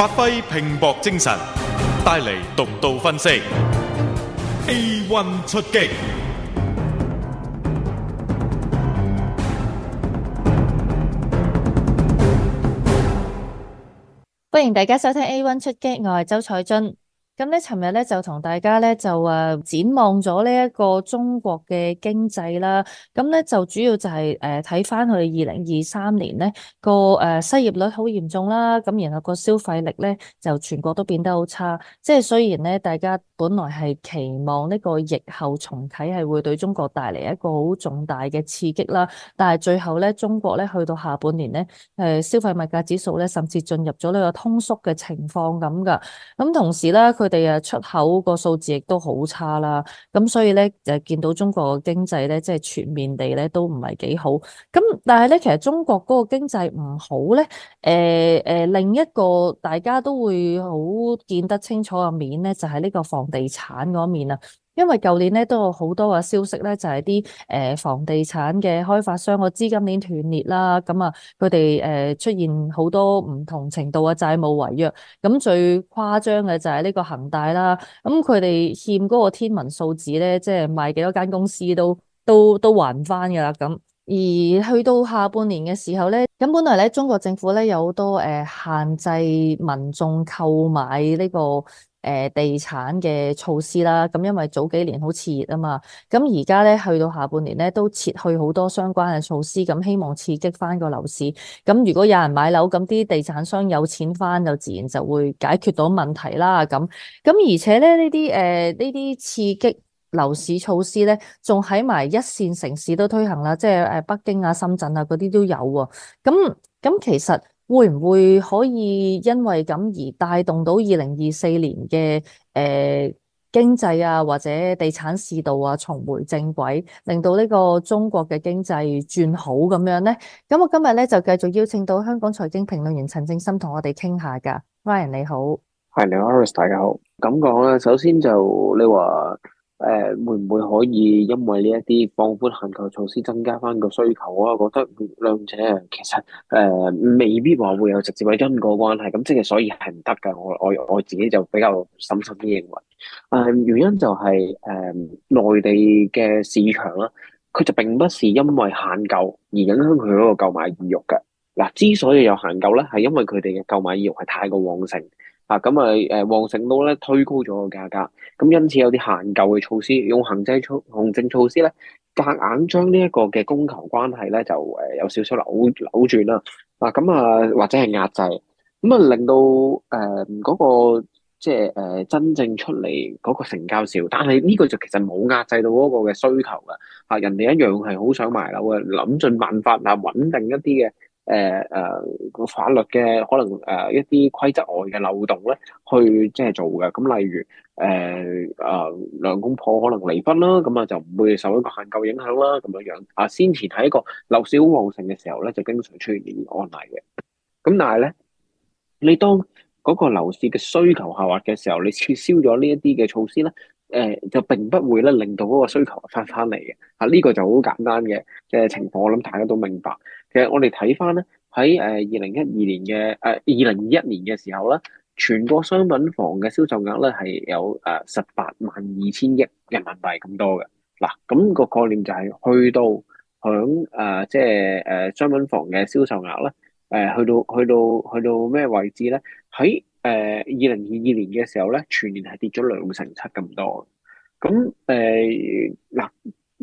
發揮拼搏精神，帶嚟獨到分析。A one 出擊，歡迎大家收聽 A one 出擊，我係周采蓁。咁咧，尋日咧就同大家咧就誒展望咗呢一個中國嘅經濟啦。咁咧就主要就係誒睇翻佢二零二三年咧個誒失業率好嚴重啦。咁然後個消費力咧就全國都變得好差。即係雖然咧大家本來係期望呢個疫後重啟係會對中國帶嚟一個好重大嘅刺激啦，但係最後咧中國咧去到下半年咧誒消費物價指數咧甚至進入咗呢個通縮嘅情況咁噶。咁同時咧佢。地啊出口個數字亦都好差啦，咁所以咧就見到中國個經濟咧即係全面地咧都唔係幾好，咁但係咧其實中國嗰個經濟唔好咧，誒、呃、誒另一個大家都會好見得清楚嘅面咧就係呢個房地產嗰面啊。因為舊年咧都有好多嘅消息咧，就係啲誒房地產嘅開發商個資金鏈斷裂啦，咁啊佢哋誒出現好多唔同程度嘅債務違約，咁最誇張嘅就係呢個恒大啦，咁佢哋欠嗰個天文數字咧，即係賣幾多間公司都都都還唔翻噶啦咁。而去到下半年嘅時候咧，咁本來咧中國政府咧有好多誒限制民眾購買呢個。誒，地產嘅措施啦，咁因為早幾年好熾熱啊嘛，咁而家咧去到下半年咧都撤去好多相關嘅措施，咁希望刺激翻個樓市，咁如果有人買樓，咁啲地產商有錢翻，就自然就會解決到問題啦，咁，咁而且咧呢啲誒呢啲刺激樓市措施咧，仲喺埋一線城市都推行啦，即係誒北京啊、深圳啊嗰啲都有喎，啊，咁咁其實。會唔會可以因為咁而帶動到二零二四年嘅誒、呃、經濟啊，或者地產市道啊，重回正軌，令到呢個中國嘅經濟轉好咁樣呢？咁我今日咧就繼續邀請到香港財經評論員陳政深同我哋傾下噶，Ryan 你好，係你好 Harris 大家好。咁講咧，首先就你話。誒、呃、會唔會可以因為呢一啲放寬限購措施增加翻個需求，啊？我覺得兩者其實誒、呃、未必話會有直接嘅因果關係，咁即係所以係唔得㗎。我我我自己就比較審慎啲認為，誒、呃、原因就係誒內地嘅市場啦，佢就並不是因為限購而影響佢嗰個購買意欲嘅。嗱、呃，之所以有限購咧，係因為佢哋嘅購買意欲係太過、啊呃、旺盛，啊咁啊誒旺盛到咧推高咗個價格。咁因此有啲限購嘅措施，用行政措行政措施咧，夾硬將呢一個嘅供求關係咧，就誒有少少扭扭轉啦。嗱、啊，咁啊或者係壓制，咁、嗯、啊令到誒嗰、呃嗰個即係誒、呃、真正出嚟嗰個成交少，但係呢個就其實冇壓制到嗰個嘅需求噶。嚇、啊，人哋一樣係好想買樓啊，諗盡辦法啊，穩定一啲嘅。誒誒個法律嘅可能誒一啲規則外嘅漏洞咧，去即係做嘅。咁例如誒誒兩公婆可能離婚啦，咁啊就唔會受一個限購影響啦。咁樣樣啊，先前喺一個樓市好旺盛嘅時候咧，就經常出現呢啲案例嘅。咁但係咧，你當嗰個樓市嘅需求下滑嘅時候，你撤銷咗呢一啲嘅措施咧。誒、呃、就並不會咧，令到嗰個需求翻翻嚟嘅，啊呢、呢個就好簡單嘅嘅、呃、情況，我諗大家都明白。其實我哋睇翻咧，喺誒二零一二年嘅誒二零二一年嘅時候咧，全國商品房嘅銷售額咧係有誒十八萬二千億人民幣咁多嘅。嗱、啊，咁、咁個概念就係、是、去到響誒、呃、即係誒、呃、商品房嘅銷售額咧，誒、呃、去到去到去到咩位置咧？喺誒，二零二二年嘅時候咧，全年係跌咗兩成七咁多。咁誒，嗱、uh，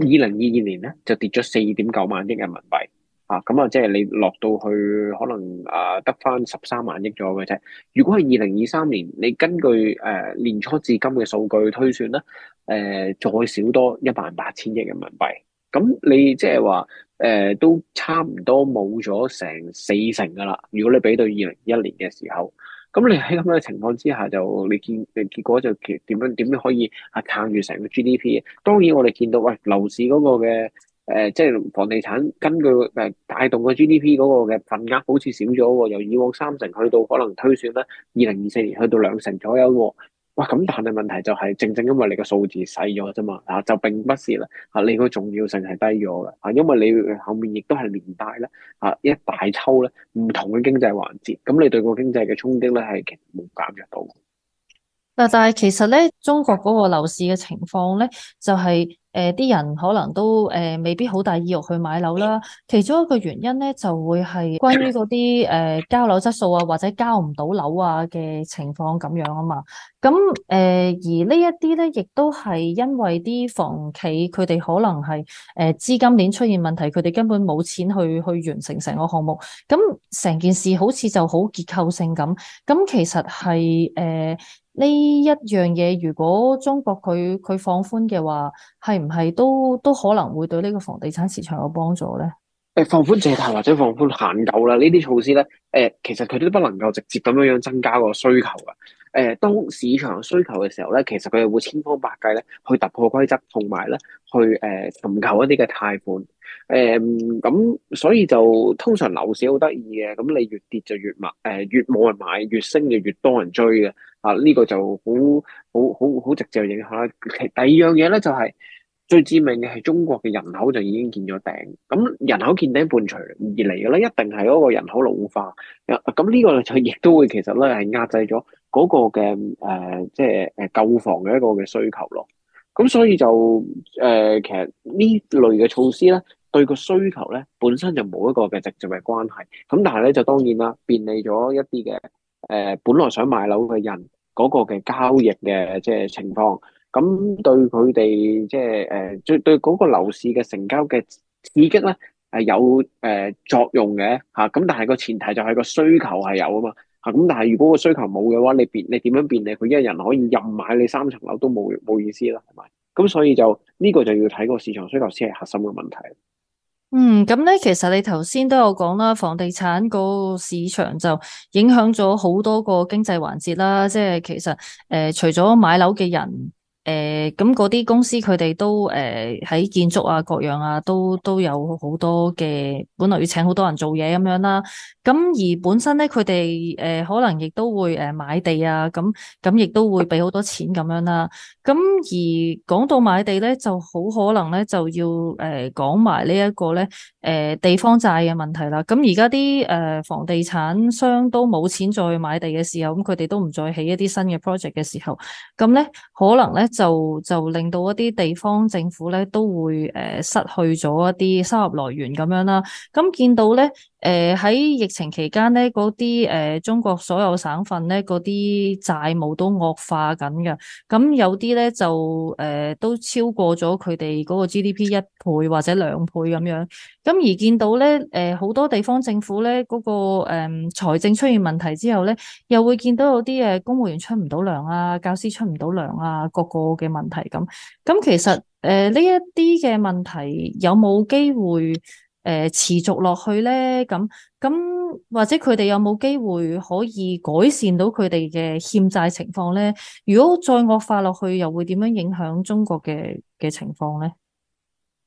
二零二二年咧就跌咗四點九萬億人民幣啊。咁啊，即係你落到去可能啊，得返十三萬億左右嘅啫。如果係二零二三年，你根據誒、呃、年初至今嘅數據推算咧，誒、呃、再少多一萬八千億人民幣。咁你即係話誒，都差唔多冇咗成四成噶啦。如果你比到二零一年嘅時候。咁你喺咁樣嘅情況之下就，就你見誒，結果就點樣點樣可以啊撐住成個 GDP 嘅？當然我哋見到喂樓市嗰個嘅誒、呃，即係房地產根據誒、呃、帶動嘅 GDP 嗰個嘅份額好似少咗喎，由以往三成去到可能推算咧二零二四年去到兩成左右喎。哇！咁但係問題就係，正正因為你個數字細咗啫嘛，嗱就並不是啦。啊，你個重要性係低咗嘅，啊因為你後面亦都係連帶咧，啊一大抽咧唔同嘅經濟環節，咁你對個經濟嘅衝擊咧係其實冇減弱到。嗱，但係其實咧，中國嗰個樓市嘅情況咧，就係、是。誒啲、呃、人可能都誒、呃、未必好大意欲去買樓啦，其中一個原因咧就會係關於嗰啲誒交樓質素啊，或者交唔到樓啊嘅情況咁樣啊嘛。咁、嗯、誒、呃、而呢一啲咧，亦都係因為啲房企佢哋可能係誒資金鏈出現問題，佢哋根本冇錢去去完成成個項目。咁、嗯、成件事好似就好結構性咁，咁、嗯、其實係誒。呃呢一樣嘢，如果中國佢佢放寬嘅話，係唔係都都可能會對呢個房地產市場有幫助咧？誒，放寬借貸或者放寬限購啦，呢啲措施咧，誒、呃，其實佢都不能夠直接咁樣樣增加個需求噶誒、呃，當市場需求嘅時候咧，其實佢係會千方百計咧去突破規則，同埋咧去誒、呃，尋求一啲嘅貸款。誒、呃，咁所以就通常樓市好得意嘅，咁你越跌就越買，誒、呃，越冇人買，越升就越多人追嘅。啊！呢、這個就好、好、好、好直接嘅影響啦。其第二樣嘢咧，就係、是、最致命嘅係中國嘅人口就已經見咗頂。咁人口見頂，伴隨而嚟嘅咧，一定係嗰個人口老化。咁呢個就亦都會其實咧係壓制咗嗰個嘅誒、呃，即係誒購房嘅一個嘅需求咯。咁所以就誒、呃，其實呢類嘅措施咧，對個需求咧本身就冇一個嘅直接嘅關係。咁但係咧，就當然啦，便利咗一啲嘅誒，本來想買樓嘅人。嗰個嘅交易嘅即係情況，咁對佢哋即係誒，對對嗰個樓市嘅成交嘅刺激咧係有誒作用嘅吓，咁、啊、但係個前提就係個需求係有啊嘛吓，咁但係如果個需求冇嘅話，你變你點樣變咧？佢一人可以任買你三層樓都冇冇意思啦，係咪？咁所以就呢、這個就要睇個市場需求先係核心嘅問題。嗯，咁咧，其實你頭先都有講啦，房地產個市場就影響咗好多個經濟環節啦，即係其實，呃，除咗買樓嘅人。誒，咁嗰啲公司佢哋都誒喺、呃、建築啊各樣啊，都都有好多嘅本來要請好多人做嘢咁樣啦。咁、呃、而本身咧，佢哋誒可能亦都會誒買地啊，咁咁亦都會俾好多錢咁樣啦。咁、嗯、而講到買地咧，就好可能咧就要誒講埋呢一個咧誒地方債嘅問題啦。咁而家啲誒房地產商都冇錢再買地嘅時候，咁佢哋都唔再起一啲新嘅 project 嘅時候，咁咧可能咧。就就令到一啲地方政府咧都會誒、呃、失去咗一啲收入來源咁樣啦，咁見到咧。誒喺、呃、疫情期間咧，嗰啲誒中國所有省份咧，嗰啲債務都惡化緊嘅。咁有啲咧就誒、呃、都超過咗佢哋嗰個 GDP 一倍或者兩倍咁樣。咁而見到咧誒好多地方政府咧嗰、嗰個誒、呃、財政出現問題之後咧，又會見到有啲誒公務員出唔到糧啊，教師出唔到糧啊，各個嘅問題咁。咁其實誒呢一啲嘅問題有冇機會？誒，持續落去咧，咁咁或者佢哋有冇機會可以改善到佢哋嘅欠債情況咧？如果再惡化落去，又會點樣影響中國嘅嘅情況咧？誒、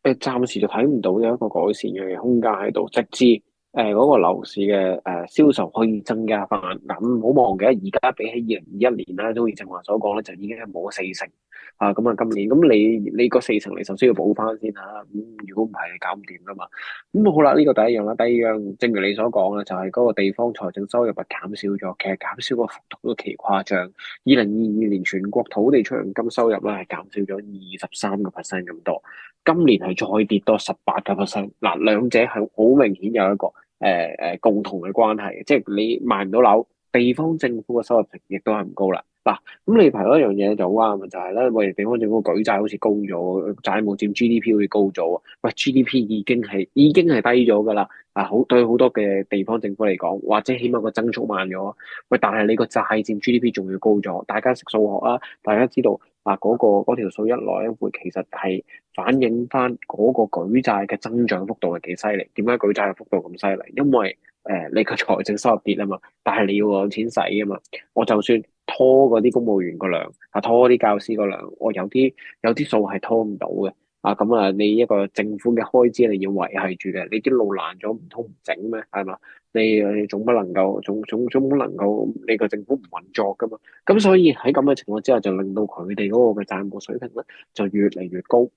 呃，暫時就睇唔到有一個改善嘅空間喺度，直至。誒，嗰、呃那個樓市嘅誒銷售可以增加翻，咁好忘記。而家比起二零二一年啦，都正話所講咧，就已經係冇咗四成啊。咁、嗯、啊，今年咁你你個四成，你首先要補翻先吓。咁如果唔係，你搞唔掂噶嘛。咁好啦，呢、這個第一樣啦，第二樣，正如你所講嘅，就係、是、嗰個地方財政收入啊減少咗，其實減少個幅度都奇誇張。二零二二年全國土地出讓金收入咧係減少咗二十三個 percent 咁多，今年係再跌多十八個 percent。嗱、啊，兩者係好明顯有一個。誒誒，共同嘅關係即係你賣唔到樓，地方政府嘅收入平亦都係唔高啦。嗱、啊，咁你提多一樣嘢就好啱嘅，就係咧，喂，地方政府舉債好似高咗，債務佔 GDP 好似高咗。喂，GDP 已經係已經係低咗噶啦。啊，好對好多嘅地方政府嚟講，或者起碼個增速慢咗。喂，但係你個債佔 GDP 仲要高咗，大家識數學啊，大家知道。啊！嗰、那個嗰條數一來一回，其實係反映翻嗰個舉債嘅增長幅度係幾犀利。點解舉債嘅幅度咁犀利？因為誒、呃，你個財政收入跌啊嘛，但係你要有錢使啊嘛。我就算拖嗰啲公務員個糧，啊拖啲教師個糧，我有啲有啲數係拖唔到嘅。啊咁啊，你一個政府嘅開支你要維係住嘅，你啲路爛咗唔通唔整咩？係嘛，你總不能夠總總總不能夠你個政府唔運作㗎嘛？咁所以喺咁嘅情況之下，就令到佢哋嗰個嘅債務水平咧就越嚟越高。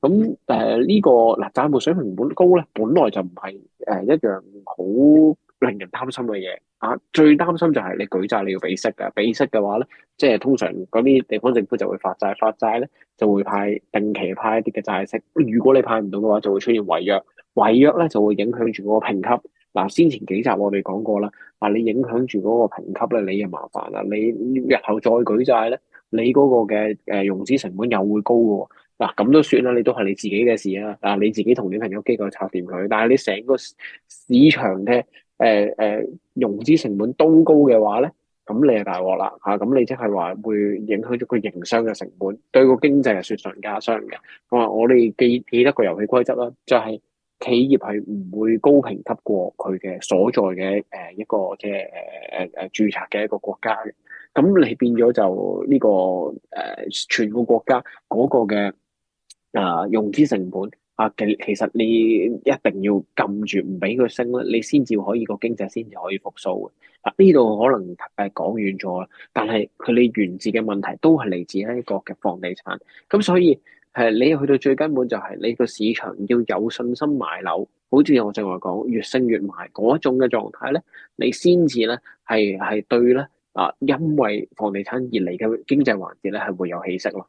咁誒呢個嗱債務水平本高咧，本來就唔係誒一樣好。令人擔心嘅嘢啊，最擔心就係你舉債你要俾息噶，俾息嘅話咧，即係通常嗰啲地方政府就會發債，發債咧就會派定期派一啲嘅債息。如果你派唔到嘅話，就會出現違約，違約咧就會影響住嗰個評級。嗱、啊，先前幾集我哋講過啦，嗱、啊、你影響住嗰個評級咧，你又麻煩啦。你日後再舉債咧，你嗰個嘅誒、呃、融資成本又會高喎。嗱咁都算啦，你都係你自己嘅事啦。嗱、啊，你自己同啲評級機構拆掂佢，但係你成個市場咧。誒誒，融、呃、資成本都高嘅話咧，咁你係大鑊啦吓，咁、啊、你即係話會影響咗個營商嘅成本，對個經濟係雪上加霜嘅、嗯。我我哋記記得個遊戲規則啦，就係、是、企業係唔會高評級過佢嘅所在嘅誒一個即係誒誒誒註冊嘅一個國家嘅。咁你變咗就呢、這個誒、呃、全個國家嗰個嘅誒融資成本。啊，其其實你一定要撳住唔俾佢升咧，你先至可以個經濟先至可以復甦嘅。啊，呢度可能誒講遠咗啦，但係佢哋源自嘅問題都係嚟自呢一個嘅房地產。咁所以係你去到最根本就係、是、你個市場要有信心買樓，好似我正話講，越升越買嗰種嘅狀態咧，你先至咧係係對咧啊，因為房地產而嚟嘅經濟環節咧係會有起色咯。